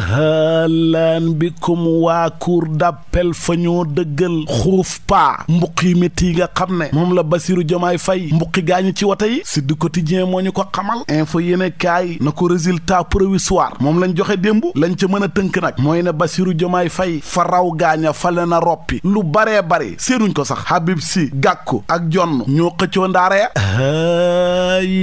halaan bikum waa cour d'appel fa ñoo dëggal xuuf paa mbuq yi métti yi nga xam ne moom la Basiru Jomaay Fay mbuqi gaañu ci wote yi si du quotidien moo ñu ko xamal info yéene kaay na ko résultat provisoire moom lañ joxe démb lañ ca mën a tënk nag mooy ne Basiru Jomaay Fay fa raw gaaña fa leen roppi lu baree bare séenuñ ko sax Habib Si Gàkku ak jonn ñoo xëccoo ndaaree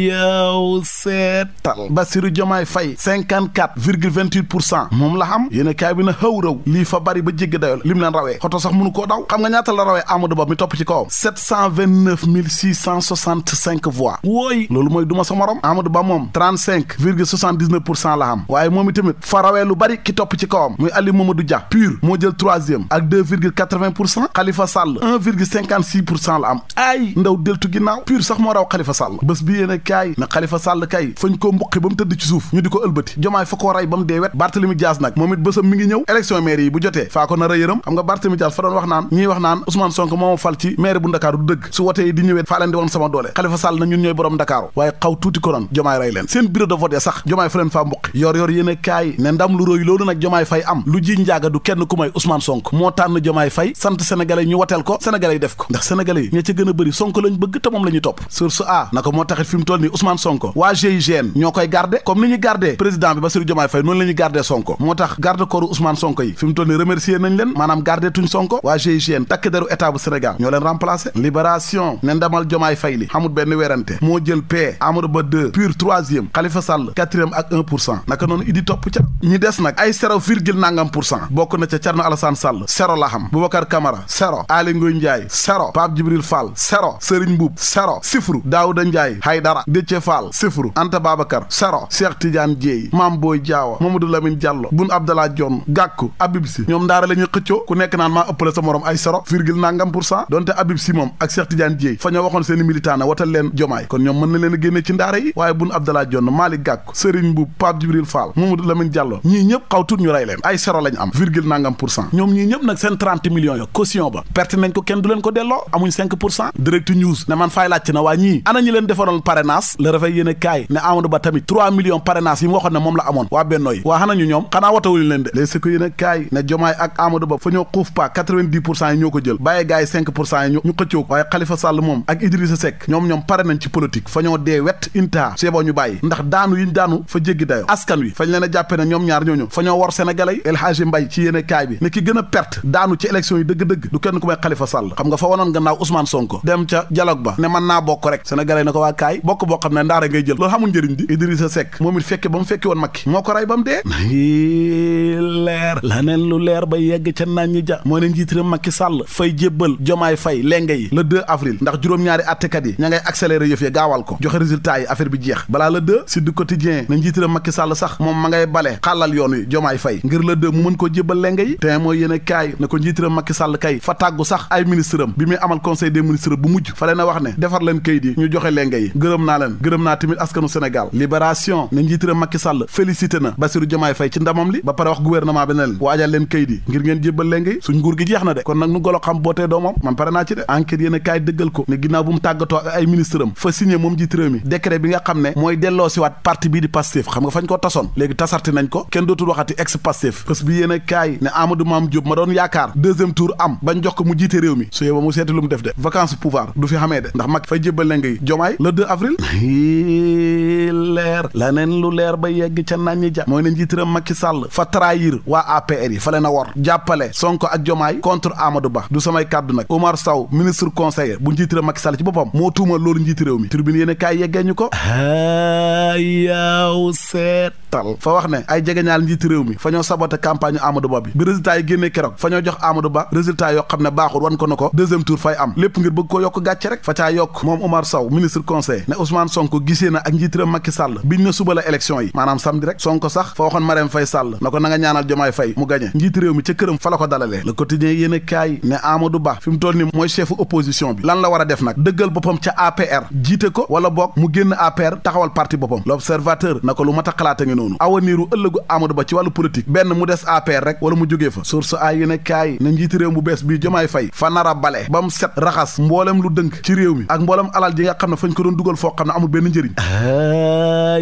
yaw seetal Basiru Jomaay Fay cinquante-quatre virgule vingt-huit franc moom la xam yéen a kaay bi na xëw rëw lii fa bari ba jégg dayo la lim leen rawee xoto sax mënu koo daw xam nga ñaata la rawee Amadou Ba mi topp ci kawam 729 loolu mooy duma sa morom Amadou Ba moom la xam waaye moom itamit fa rawee lu bari ki topp ci kawam muy Ali Mamadou Dia pur moo jël troisième ak 2 virgule 80 pour cent Khalifa Sall 1 virgule 56 pour cent la am ay ndaw deltu ginnaaw pur sax moo raw Khalifa Sall bés bi yéen na Khalifa Sall Barthélemy moom it bësam mi ngi ñëw élection maire yi bu jotee faa ko nar a yërëm xam nga Barthélemy Dias fa doon wax naan ñiy wax naan Ousmane Sonko moo ma fal ci maire bu Ndakaaru du dëgg su wotee di ñëwee faa leen di woon sama doole Khalifa Sall na ñun ñooy borom Ndakaaru waaye xaw tuuti konoon jomaay rey leen seen bureau de vote ya sax jomaay fa leen faa mbuqi yor yor yéen kaay ne ndam lu rëy loolu nag jomaay fay am lu ji njaaga du kenn ku may Ousmane Sonko moo tax garde corps Ousmane Sonko yi fi mu toll ni remercier nañ leen maanaam garde tuñ Sonko waa GIGN takk deru état bu Sénégal ñoo leen remplacé libération ne ndamal jomaay fay li xamul benn werante moo jël P Amadou Ba 2 pur troisième Khalifa Sall quatrième ak un pour cent naka noonu idi topp ca ñi des na ay zéro virgule nangam pour cent bokk na ca Thierno Alassane Sall zéro la xam Boubacar Camara zéro Aly Ngouille Ndiaye zéro Pape Djibril Fall zéro Serigne Mboup zéro sifru Daouda Ndiaye Haydara Déthié Fall sifru Anta Babacar zéro Cheikh Tidiane Diallo Boun Abdallah Dionne Gakou Habib ñoom ndaara la xëccoo ku nekk naan maa ëppale sa morom ay soro virgule nangam pour cent donte moom ak Cheikh Tidiane Dièye fa ñoo waxoon seen i militant leen jomaay kon ñoom mën na leen a ci ndaara yi waaye Boun Abdallah Dionne Malick Gakou Serigne Mboup Pape Djibril Fall Mamadou Lamine Diallo ñii ñëpp xaw tut ñu rey leen ay soro lañ am ñoom ñii ñëpp nag seen trente millions yo caution ba perte ko kenn du leen ñoom xanaa watawuñu leen de les si ko yéen a kaay ne jomaay ak Amadou Ba fa ñoo xuuf pa 90 pour cent yi ñoo ko jël bàyyi gars yi 5 pour cent yi ñu xëccoo ko waaye Khalifa Sall moom ak Idrissa Seck ñoom ñoom pare nañ ci politique fa ñoo dee wet intaa seeboo ñu bàyyi ndax daanu yi ñu daanu fa jéggi dayo askan wi fañ leen a jàppe ne ñoom ñaar ñooñu fa ñoo war sénégalais yi El ci yéen a kaay bi ne ki gën a perte daanu ci élection yi dëgg-dëgg du kenn ku may Khalifa Sall xam nga fa wanoon gannaaw Ousmane Sonko dem ca dialogue ba ne leer laneen lu leer ba yegg ca nañ ja moo ne njiit réew Macky Sall fay jébbal jomaay fay lenge yi le 2 avril ndax juróom-ñaari attekat yi ña ngay accéléré yëf ya gaawal ko joxe résultat yi affaire bi jeex balaa la 2 si du quotidien na njiit réew Macky sax moom ma ngay bale xàllal yoon wi jomaay fay ngir le 2 mu mën koo jébbal lenge yi te mooy yéen na ko njiit réew Macky Sall kay fa tàggu sax ay ministre am bi muy amal conseil des ministres bu mujj fa a wax ne defar leen kayit yi ñu joxe lenge yi gërëm naa leen gërëm naa tamit na njiit réew Macky Sall félicité na Bassirou ci ndamam li ba pare wax gouvernement bi ne leen waajal leen kayit yi ngir ngeen jébbal leen ngay suñ nguur gi jeex na de kon nag nu golo xam bootee doomam man pare naa ci de enquête yéen a kaay dëggal ko ne ginnaaw bu mu tàggatoo ak ay ministre fa signé moom jiite réew mi décret bi nga xam ne mooy delloo si parti bii di Pastef xam nga fañ ko tasoon léegi tasarti nañ ko kenn dootul waxati ex Pastef parce bi yéen a kaay ne Amadou Mame Diop ma doon yaakaar deuxième tour lu le ba yegg Macky Sall fa trahir waa APR yi fa leen a wor jàppale Sonko ak Jomaay contre Amadou Ba du samay kàddu nag Omar saw ministre conseiller bu njiiti réew Macky ci boppam moo tuumal loolu njiiti mi tribune yéen kaay yeggee ñu ko yaaw seetal fa wax ne ay jegeñaal njiiti réew mi fa ñoo saboté campagne Amadou Ba bi bi résultat yi génnee keroog fa ñoo jox Amadou Ba résultat yoo xam ne baaxul wan ko na ko deuxième tour fay am lépp ngir bëgg koo yokk gàcce rek fa caa yokk moom Omar Sow ministre conseiller ne Ousmane Sonko gisee na ak njiiti réew Macky Sall biñ ne suba la élection Fay Sall na ko na nga ñaanal Jomaay Fay mu gañe njiit réew mi ca këram fa la ko dalalee le quotidien yéen a kaay ne Amadou Ba fi mu toll ni mooy chefu opposition bi lan la war a def nag dëggal boppam ca APR jiite ko wala bokk mu génn APR taxawal parti boppam l'observateur na ko lu mat xalaata ngi noonu awaniiru ëllëgu Amadou Ba ci wàllu politique benn mu des APR rek wala mu jógee fa source ay yéen a kaay ne njiit réew bu bees bii Jomaay Fay fa nar ko doon dugal foo xam ne amul benn njëriñ ah,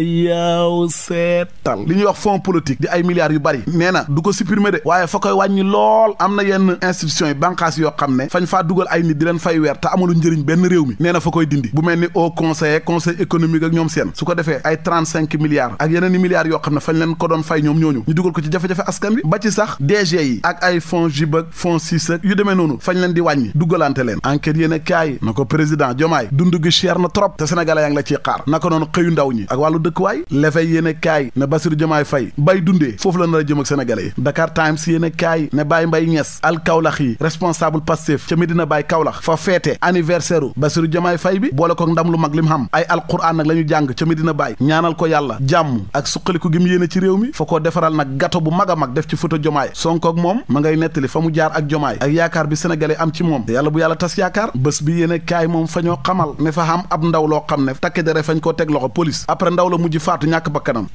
politique di ay milliards yu bari nee na du ko supprimer de waaye fa koy wàññi lool am na yenn institutions yi bànqaas yoo xam ne fañ faa dugal ay nit di leen fay weer te amalu njëriñ benn réew mi nee na fa koy dindi bu mel ni au conseil conseil économique ak ñoom seen su ko defee ay trente cinq milliards ak yeneen i milliards yoo xam ne fañ leen ko doon fay ñoom ñooñu ñu dugal ko ci jafe-jafe askan bi ba ci sax DG yi ak ay fonds jib ak fonds yu demee noonu fañ leen di wàññi dugalante leen enquête yéen a ko président Diomaye dund gi cher na trop te la ciy xaar naka noonu xëyu ndaw ñi ak wàllu dëkkuwaay lefe yéen a kaay na Bassirou Diomaye Faye bay dundee foofu la nar a jëm ak sénégalais yi Dakar Times yéen a kaay ne Baye Mbaye Niass al Kaolack yi responsable Pastef ca Medina Baye Kaolack fa feete anniversaire u Bassirou Diomaye bi boole ko ndam lu mag lim xam ay alquran nag la ñu jàng ca Medina Baye ñaanal ko yàlla jàmm ak suqaliku gi mu yéene ci réew mi fa koo defaral nag gato bu mag def ci photo Diomaye Sonko moom ma ngay nettali fa mu jaar ak Diomaye ak yaakaar bi sénégalais am ci moom yàlla bu yàlla tas yaakaar a kaay moom fa ñoo xamal loo xam koo teg loxo police la mujj faatu ñàkk bakkanam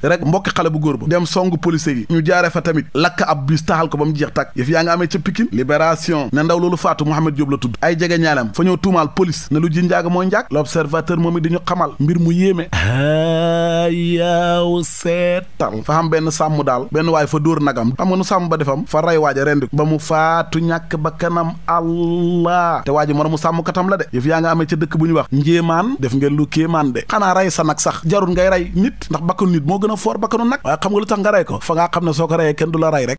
police yi ñu jaare fa tamit lakk ab bus taxal ko ba mu jeex tàkk yëf yaa nga amee ca Pikine libération ne ndaw loolu faatu mu Diop la tudd ay jege ñaalam fa ñoo tuumaal police ne lu ji njaaga mooy njaag l'observateur moom it di ñu xamal mbir mu yéeme yaaw seetal fa xam benn sàmm daal benn waay fa dóor nagam xam nga nu sàmm ba defam fa rey waaja rendi ba mu faatu ñàkk ba kanam allah te waa mu moromu sàmmkatam la de yëf yaa nga amee ca dëkk bu ñu wax njéemaan def ngeen lu kéemaan de xanaa rey sa nag sax jarul ngay rey nit ndax bakkanu nit moo gën a foor bakkanu nag waaye xam lu tax nga ko fa ngaa xam ne soo ko reyee kenn la rey rek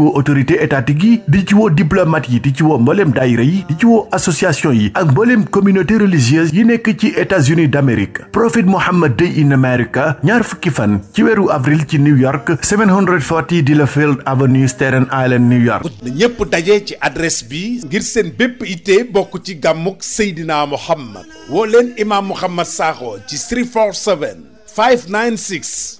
woo autorité étatique yi di ci woo yi di ci woo mbooleem yi nekk ci États-Unis d'Amérique Prophet Muhammad Day in America ñaar fukki fan ci weeru avril ci New York 740 Delafield Avenue Staten Island New York na ñépp daje ci adresse bi ngir seen bépp ittee bokk ci gàmmuk Seydina Muhammad woo leen imaam Muhammad Sakho ci 347 596